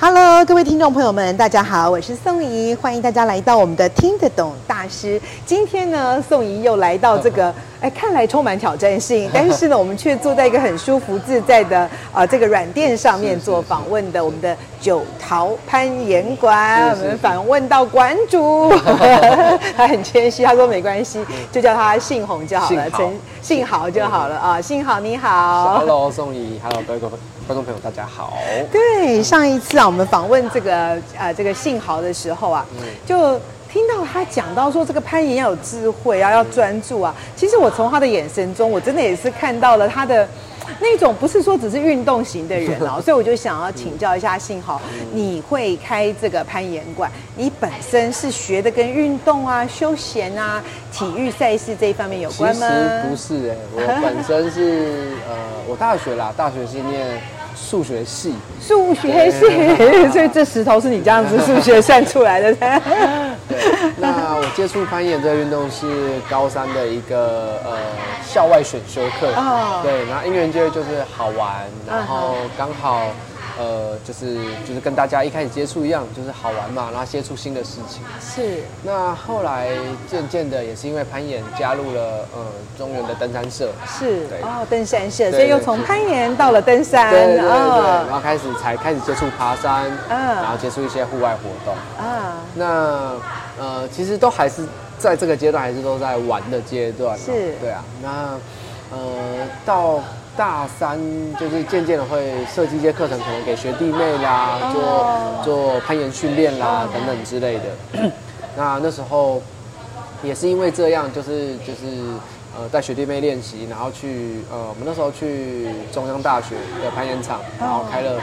哈嘍，Hello, 各位聽眾朋友們，大家好，我是宋怡，歡迎大家來到我們的聽得懂大師。今天呢，宋怡又來到這個。哎，看來充滿挑戰性，但是呢，我們卻坐在一個很舒服自在的啊、呃，這個軟墊上面做訪問的。我們的久淘攀岩館，嗯、是是是我們訪問到館主，是是是 他很謙虛，他說沒關係，嗯、就叫他信豪就好了，陳信豪就好了、嗯、啊，信豪你好。Hello，宋怡，Hello 各位觀眾朋友，大家好。對，上一次啊，我們訪問這個啊、呃，這個信豪的時候啊，嗯、就。哦、他講到說，這個攀岩要有智慧啊，要專注啊。其實我從他的眼神中，我真的也是看到了他的那種，不是說只是運動型的人啊、喔。所以我就想要請教一下信豪，你會開這個攀岩館，你本身是學的跟運動啊、休閒啊、體育賽事這一方面有關嗎？其實不是哎、欸，我本身是呃，我大學啦，大學是念。數學系，數學系，對所以這石頭是你這樣子數學算出來的。 對，那我接觸攀岩這個運動是高三的一個呃校外選修課。Oh. 對，然後音樂教就是好玩，然後剛好。呃，就是就是跟大家一開始接觸一樣，就是好玩嘛，然後接觸新的事情。是。那後來漸漸的，也是因為攀岩，加入了呃中原的登山社。是。對哦，登山社，對對對，所以又從攀岩到了登山。對，對對對。哦、然後開始才開始接觸爬山，嗯，uh, 然後接觸一些戶外活動。啊、uh。那呃，其實都還是在這個階段，還是都在玩的階段，喔。是。對啊。那呃，到。大三就是漸漸的會設計一些課程，可能給學弟妹啦，做做攀岩訓練啦等等之類的。那那時候也是因為這樣，就是就是。呃，帶學弟妹練習，然後去呃，我們那時候去中央大學的攀岩場，然後開了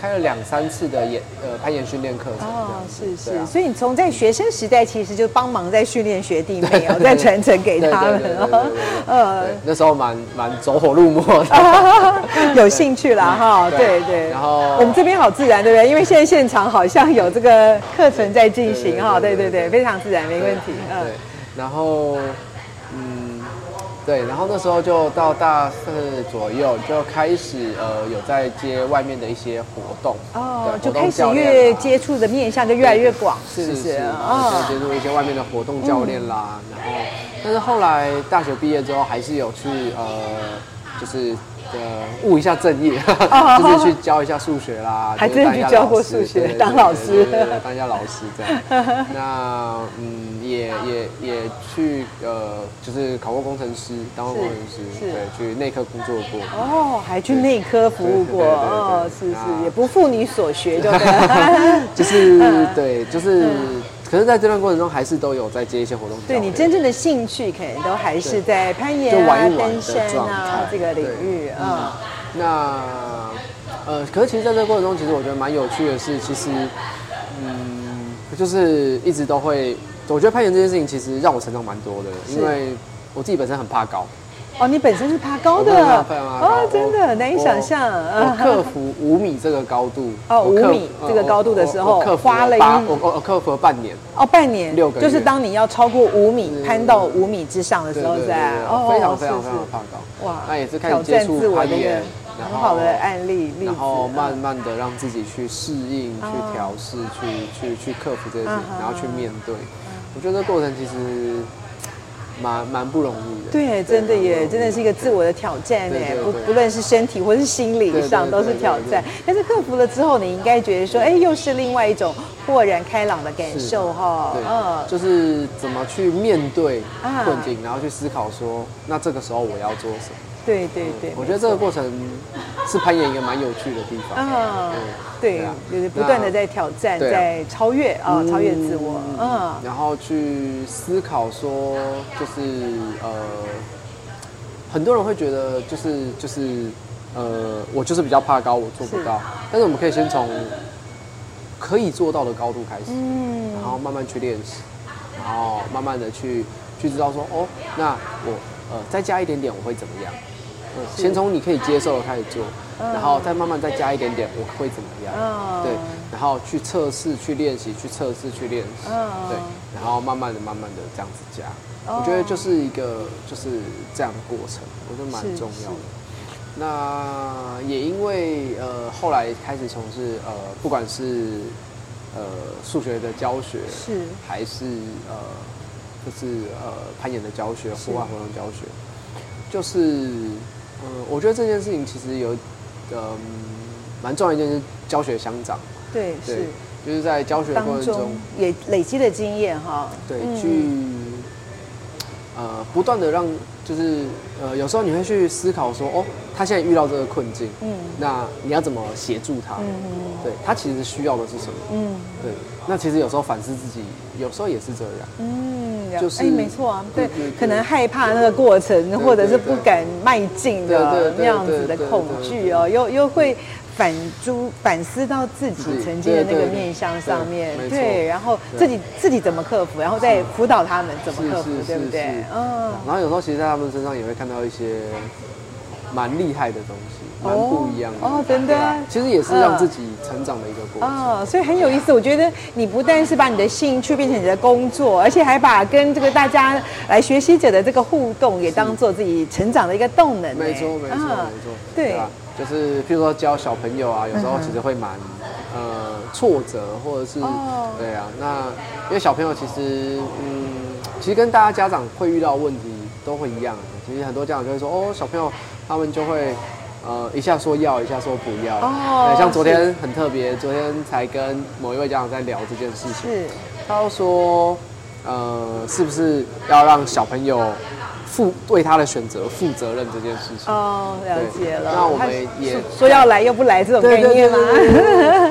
開了兩三次的岩呃攀岩訓練課程，哦。是是，所以你從在學生時代其實就幫忙在訓練學弟妹，哦，在傳承給他們了。呃，那時候蠻蠻走火入魔的，有興趣啦哈。對對。然後我們這邊好自然，對不對？因為現在現場好像有這個課程在進行哈。對對對，非常自然，沒問題。嗯，然後。對，然後那時候就到大四左右就開始呃，有在接外面的一些活動哦，動就開始越接觸的面向就越來越廣，是是是，啊，就接觸一些外面的活動教練啦，哦、然後，但是後來大學畢業之後還是有去呃，就是。呃，務一下正業，就是去教一下數學啦，還真的去教過數學，當老師，當一下老師這樣。那嗯，也也也去呃，就是考過工程師，當過工程師，對，去內科工作過。哦，還去內科服務過。哦，是是，也不負你所學，就對，就是對，就是。可是在這段過程中，還是都有在接一些活動。對你真正的興趣，可能都還是在攀岩、玩登山啊這個領域啊對、哦嗯。那呃，可是其實在這段過程中，其實我覺得蠻有趣的是，其實嗯，就是一直都會，我覺得攀岩這件事情其實讓我成長蠻多的，是因為我自己本身很怕高。哦，你本身是怕高的啊，真的難以想象，我克服五米這個高度哦，五米這個高度的時候，克服花了我我克服了半年哦，半年六個月，就是當你要超過五米，攀到五米之上的時候，在非常非常非常怕高哇，那也是開始接觸攀岩，很好的案例，然後慢慢的讓自己去適應，去調試，去去去克服這些事情，然後去面對，我覺得這過程其實。蠻蠻不容易的，對，真的也真的是一個自我的挑戰誒，不不論是身體或是心理上都是挑戰。但是克服了之後，你應該覺得說，哎、欸，又是另外一種豁然開朗的感受哈。對，嗯、就是怎麼去面對困境，啊、然後去思考說，那這個時候我要做什麼？對對對，嗯、對對我覺得這個過程是攀岩一個蠻有趣的地方。沒錯。嗯，對、啊，就是不斷的在挑戰，啊、在超越啊，哦、嗯、超越自我。嗯，嗯，然後去思考說，就是呃，很多人會覺得就是就是呃，我就是比較怕高，我做不到。是但是我們可以先從可以做到的高度開始，嗯，然後慢慢去練習，然後慢慢的去去知道說，哦，那我呃再加一點點，我會怎麼樣？嗯、先從你可以接受的開始做，是然後再慢慢再加一點點，我會怎麼樣？嗯、對，然後去測試，去練習，去測試，去練習、嗯、對，然後慢慢的、慢慢的這樣子加，嗯、我覺得就是一個，就是這樣的過程，我覺得蠻重要的。那也因為呃，後來開始從事呃，不管是呃數學的教學，是還是呃，就是呃攀岩的教學、戶外活動教學，是就是。嗯，我覺得這件事情其實有，蠻、嗯、重要一件事，教學相長嘛。對，對是，就是在教學過程中，中也累積了經驗哈。對，嗯、去。呃，不斷的讓，就是呃，有時候你會去思考說，哦，他現在遇到這個困境，嗯，那你要怎麼協助他？嗯，對，他其實需要的是什麼？嗯，對。那其實有時候反思自己，有時候也是這樣。嗯，就是哎、欸，沒錯啊，對，嗯、對，對，對，對，可能害怕那個過程，對對對對，或者是不敢邁進的對對對對對，那樣子的恐懼哦、喔，又又會。反反思到自己曾經的那個面向上面，對，然後自己自己怎麼克服，然後再輔導他們怎麼克服，對不對？嗯。然後有時候其實在他們身上也會看到一些蠻厲害的東西，蠻不一樣的哦，對對，其實也是讓自己成長的一個過程哦，所以很有意思。我覺得你不但是把你的興趣變成你的工作，而且還把跟這個大家來學習者的這個互動，也當做自己成長的一個動能。沒錯，沒錯，沒錯，對。就是，譬如說教小朋友啊，有時候其實會蠻，嗯、哼呃，挫折，或者是，oh. 對啊，那因為小朋友其實，嗯，其實跟大家家長會遇到的問題都會一樣的。其實很多家長就會說，哦，小朋友他們就會，呃，一下說要，一下說不要。哦、oh.，像昨天是很特別，昨天才跟某一位家長在聊這件事情，是他他說，呃，是不是要讓小朋友？負為他的選擇負責任這件事情哦，了解了。那我們也說要來又不來這種概念嗎？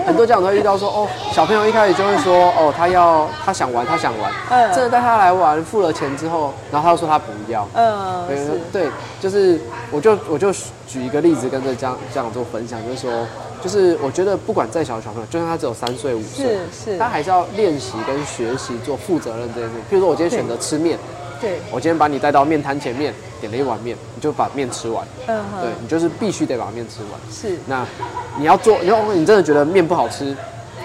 很多家長都會遇到說，說哦，小朋友一開始就會說哦，他要他想玩他想玩，嗯，呃、真的帶他來玩，付了錢之後，然後他又說他不要，嗯、呃，對，就是我就我就舉一個例子跟這家家長做分享，就是說，就是我覺得不管再小的小朋友，就算他只有三歲五歲，是是，他還是要練習跟學習做負責任這件事情。譬如說我今天選擇吃麵。我今天把你帶到麵攤前面，點了一碗麵，你就把麵吃完。嗯，對，你就是必須得把麵吃完。是，那你要做，如果你真的覺得麵不好吃，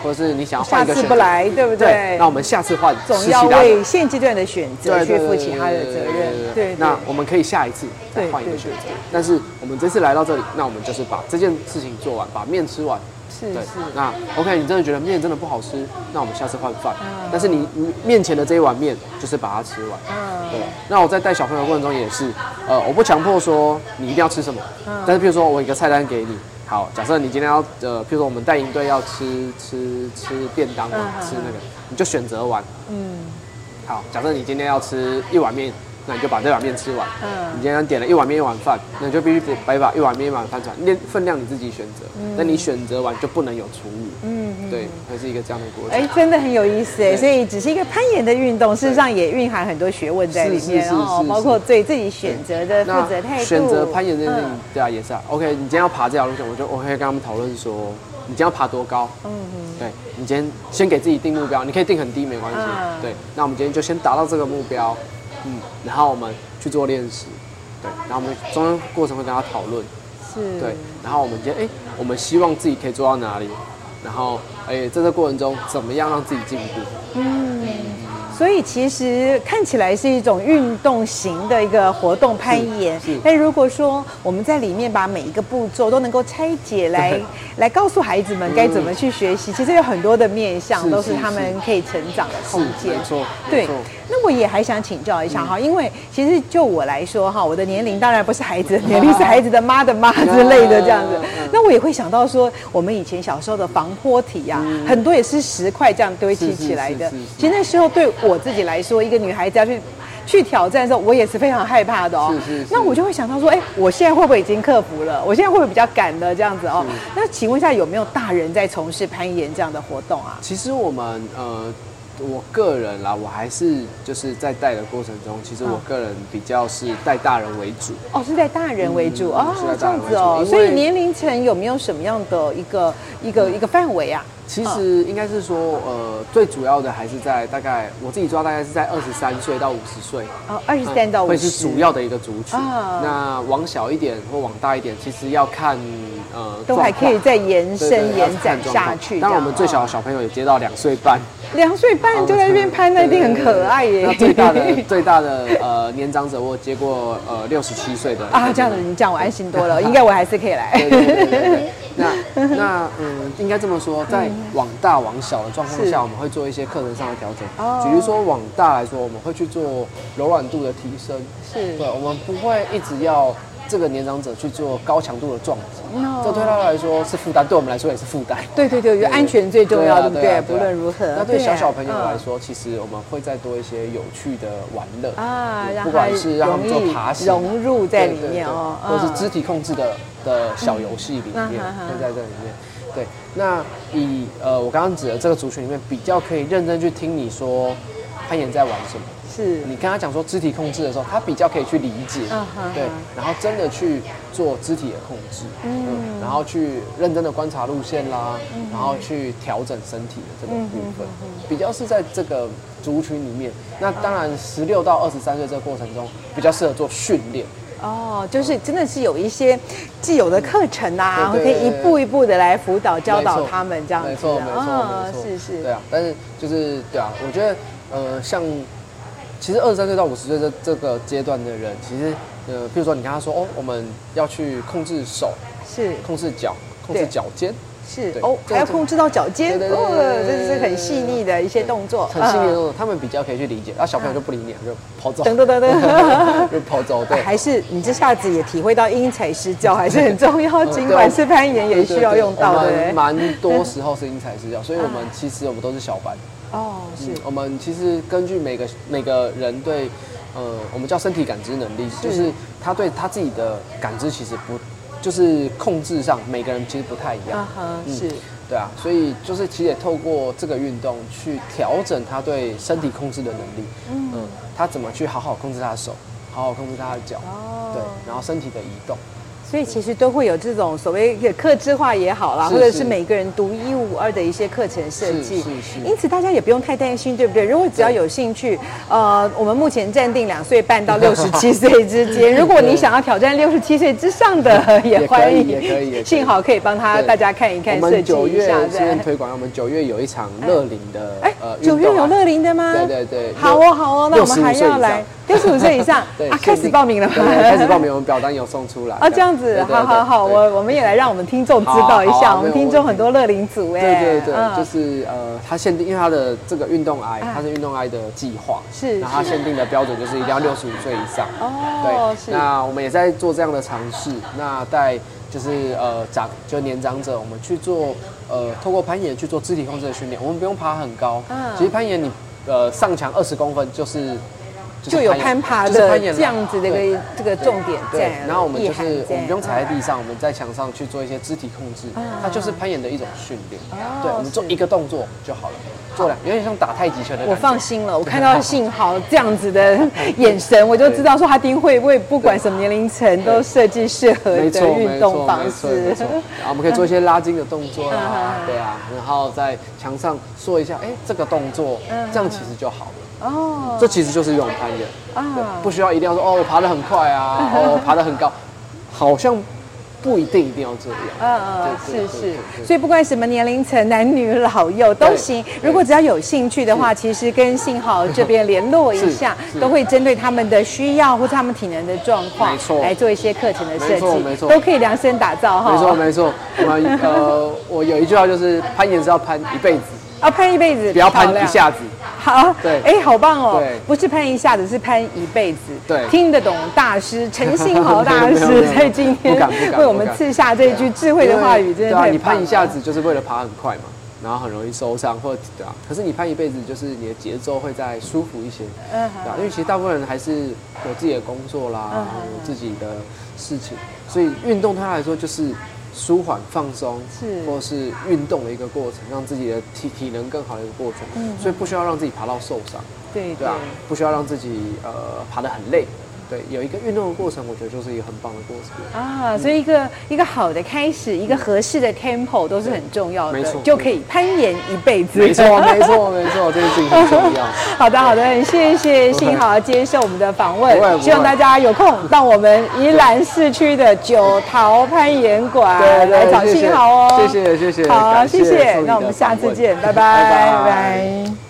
或者是你想要換一個選擇，不來，對不對？那我們下次換，總要為現階段的選擇去負其他的責任。對，那我們可以下一次再換一個選擇。但是我們這次來到這裡，那我們就是把這件事情做完，把麵吃完。是，是對，那 OK，你真的覺得面真的不好吃，那我們下次換飯。嗯、但是你你面前的這一碗麵，就是把它吃完。嗯、對，那我在帶小朋友的過程中也是，呃，我不強迫說你一定要吃什麼，嗯、但是比如說我一個菜單給你，好，假設你今天要呃，比如說我們帶一隊要吃吃吃便當，嗯、哼哼吃那個，你就選擇完。嗯，好，假設你今天要吃一碗面。那你就把這碗麵吃完。嗯。你今天點了一碗麵、一碗飯，那你就必須得把一碗麵、一碗飯吃完。量、分量你自己選擇。嗯。那你選擇完就不能有出入。嗯嗯。對，還是一個這樣的過程。哎，真的很有意思哎、欸。所以只是一個攀岩的運動，事實上也蘊含很多學問在裡面哈、喔，包括對自己選擇的負責態度。選擇攀岩認定，對啊，也是啊。OK，你今天要爬這條路線，我就我可以跟他們討論說，你今天要爬多高？嗯嗯。對，你今天先給自己定目標，你可以定很低沒關係。對，那我們今天就先達到這個目標。嗯，然後我們去做練習，對，然後我們中間過程會跟他討論，是，對，然後我們今天哎、欸，我們希望自己可以做到哪裡，然後哎、欸，在這過程中怎麼樣讓自己進步。嗯。嗯所以其實看起來是一種運動型的一個活動攀岩，但如果說我們在裡面把每一個步驟都能夠拆解來對來告訴孩子們該怎麼去學習，其實有很多的面向都是他們可以成長的空間。對，沒錯沒錯，那我也還想請教一下哈、嗯，因為其實就我來說哈，我的年齡當然不是孩子的年齡、啊、是孩子的媽的媽之類的這樣子，啊、那我也會想到說，我們以前小時候的防波堤呀、啊，嗯、很多也是石塊這樣堆砌起來的，其實那時候對。我自己來說，一個女孩子要去去挑戰的時候，我也是非常害怕的哦。是是是，那我就會想到說，哎、欸，我現在會不會已經克服了？我現在會不會比較敢的這樣子哦。是。那請問一下，有沒有大人在從事攀岩這樣的活動啊？其實我們呃。我個人啦，我還是就是在帶的過程中，其實我個人比較是帶大人為主。哦，是帶大人為主哦，是這樣子哦。所以年齡層有沒有什麼樣的一個一個一個範圍啊？其實應該是說，呃，最主要的還是在大概我自己抓，大概是在二十三歲到五十歲。哦，二十三到五十歲，所以是主要的一個族群。那往小一點或往大一點，其實要看呃狀況，都還可以再延伸延展下去。當然，我們最小的小朋友也接到兩歲半，兩歲半。那、啊、你就在這邊拍，那一定很可愛耶。對對對，那最大的最大的呃年長者，我接過呃六十七歲的啊。這樣子，你這樣我安心多了，對應該我還是可以來。對對對對對對，那那嗯，應該這麼說，在往大往小的狀況下，是我們會做一些課程上的調整。哦，比如說往大來說，我們會去做柔軟度的提升，是對，我們不會一直要。這個年長者去做高強度的撞擊，這對他來說是負擔，對我們來說也是負擔。對對對，安全最重要，對不對？不論如何，那對小小朋友來說，其實我們會再多一些有趣的玩樂啊，不管是讓他們做爬行、融入在裡面哦，或是肢體控制的的小遊戲裡面，在這裡面。對，那以呃我剛剛指的這個族群裡面，比較可以認真去聽你說，攀岩在玩什麼？是你跟他講說肢體控制的時候，他比較可以去理解，對，然後真的去做肢體的控制，嗯，然後去認真的觀察路線啦，然後去調整身體的這個部分，比較是在這個族群裡面。那當然，十六到二十三歲這個過程中，比較適合做訓練。哦，就是真的是有一些既有的課程啊，你可以一步一步的來輔導教導他們這樣子。沒錯，沒錯，沒錯，是是。對啊，但是就是對啊，我覺得呃，像。其實二十三歲到五十歲這這個階段的人，其實呃，譬如說你跟他說哦，我們要去控制手，是控制腳，控制腳尖，是哦，還要控制到腳尖哦，這就是很細膩的一些動作。很細膩的動作，他們比較可以去理解，那小朋友就不理你了，就跑走。等等等等，就跑走。對，還是你這下子也體會到因材施教還是很重要，儘管是攀岩也需要用到，的。不蠻多時候是因材施教，所以我們其實我們都是小白。哦，oh, 是、嗯、我們其實根據每個每個人對，呃，我們叫身體感知能力，是，就是他對他自己的感知其實不，就是控制上每個人其實不太一樣。啊、uh huh, 是、嗯，對啊，所以就是其實也透過這個運動去調整他對身體控制的能力。Uh huh. 嗯，他怎麼去好好控制他的手，好好控制他的腳，oh. 對，然後身體的移動。所以其實都會有這種所謂的客制化也好啦，或者是每個人獨一無二的一些課程設計。因此大家也不用太擔心，對不對？如果只要有興趣，呃，我們目前暫定兩歲半到六十七歲之間。如果你想要挑戰六十七歲之上的，也歡迎，也可以。幸好可以幫他大家看一看設計一下。我們九月推廣，我們九月有一場樂齡的。哎，九月有樂齡的嗎？對對對。好哦好哦，那我們還要來。六十五歲以上，對，開始報名了嗎？開始報名，我們表單有送出來。啊，這樣子，好，好，好，我我們也來讓我們聽眾知道一下，我們聽眾很多樂齡族，哎，對，對，對，就是呃，他限定，因為他的這個運動癌，他是運動癌的計劃，是，那他限定的標準就是一定要六十五歲以上。哦，對，是。那我們也在做這樣的嘗試，那在就是呃長，就年長者，我們去做呃，透過攀岩去做肢體控制的訓練，我們不用爬很高，嗯，其實攀岩你呃上牆二十公分就是。就有攀爬的這樣子的一個這個重點，對。然後我們就是我們不用踩在地上，我們在牆上去做一些肢體控制，它就是攀岩的一種訓練。對，我們做一個動作就好了，做兩，有點像打太極拳的感覺。我放心了，我看到信豪這樣子的眼神，我就知道說他一定會為不管什麼年齡層都設計適合的運動方式。然後我們可以做一些拉筋的動作啊，對啊，然後在牆上說一下，哎，這個動作這樣其實就好了。哦，這其實就是用攀岩啊，不需要一定要說哦，我爬的很快啊，我爬的很高，好像不一定一定要這樣啊。嗯，是是，所以不管什麼年齡層，男女老幼都行。如果只要有興趣的話，其實跟信豪這邊聯絡一下，都會針對他們的需要或他們體能的狀況，沒錯，來做一些課程的設計，沒錯沒錯，都可以量身打造哈。沒錯沒錯，我呃，我有一句話就是，攀岩是要攀一輩子啊，攀一輩子，不要攀一下子。好，哎，好棒哦！不是攀一下子，是攀一輩子。對，聽得懂大師，陳信豪大師，在今天為我們賜下這句智慧的話語，真的。對啊，你攀一下子就是為了爬很快嘛，然後很容易受傷，或者對啊。可是你攀一輩子，就是你的節奏會再舒服一些，對啊。因為其實大部分人還是有自己的工作啦，有自己的事情，所以運動它來說就是。舒緩、放鬆，是或者是運動的一個過程，讓自己的體體能更好的一個過程，所以不需要讓自己爬到受傷，對對啊，不需要讓自己呃爬得很累。對，有一個運動的過程，我覺得就是一個很棒的過程啊。所以一個一個好的開始，一個合適的 tempo 都是很重要的，沒錯，就可以攀岩一輩子。沒錯，沒錯，沒錯，這件事情很重要。好的，好的，謝謝信豪接受我們的訪問，希望大家有空到我們宜蘭市區的久淘攀岩館來找信豪哦，謝謝，謝謝，好，謝謝，那我們下次見，拜拜，拜拜。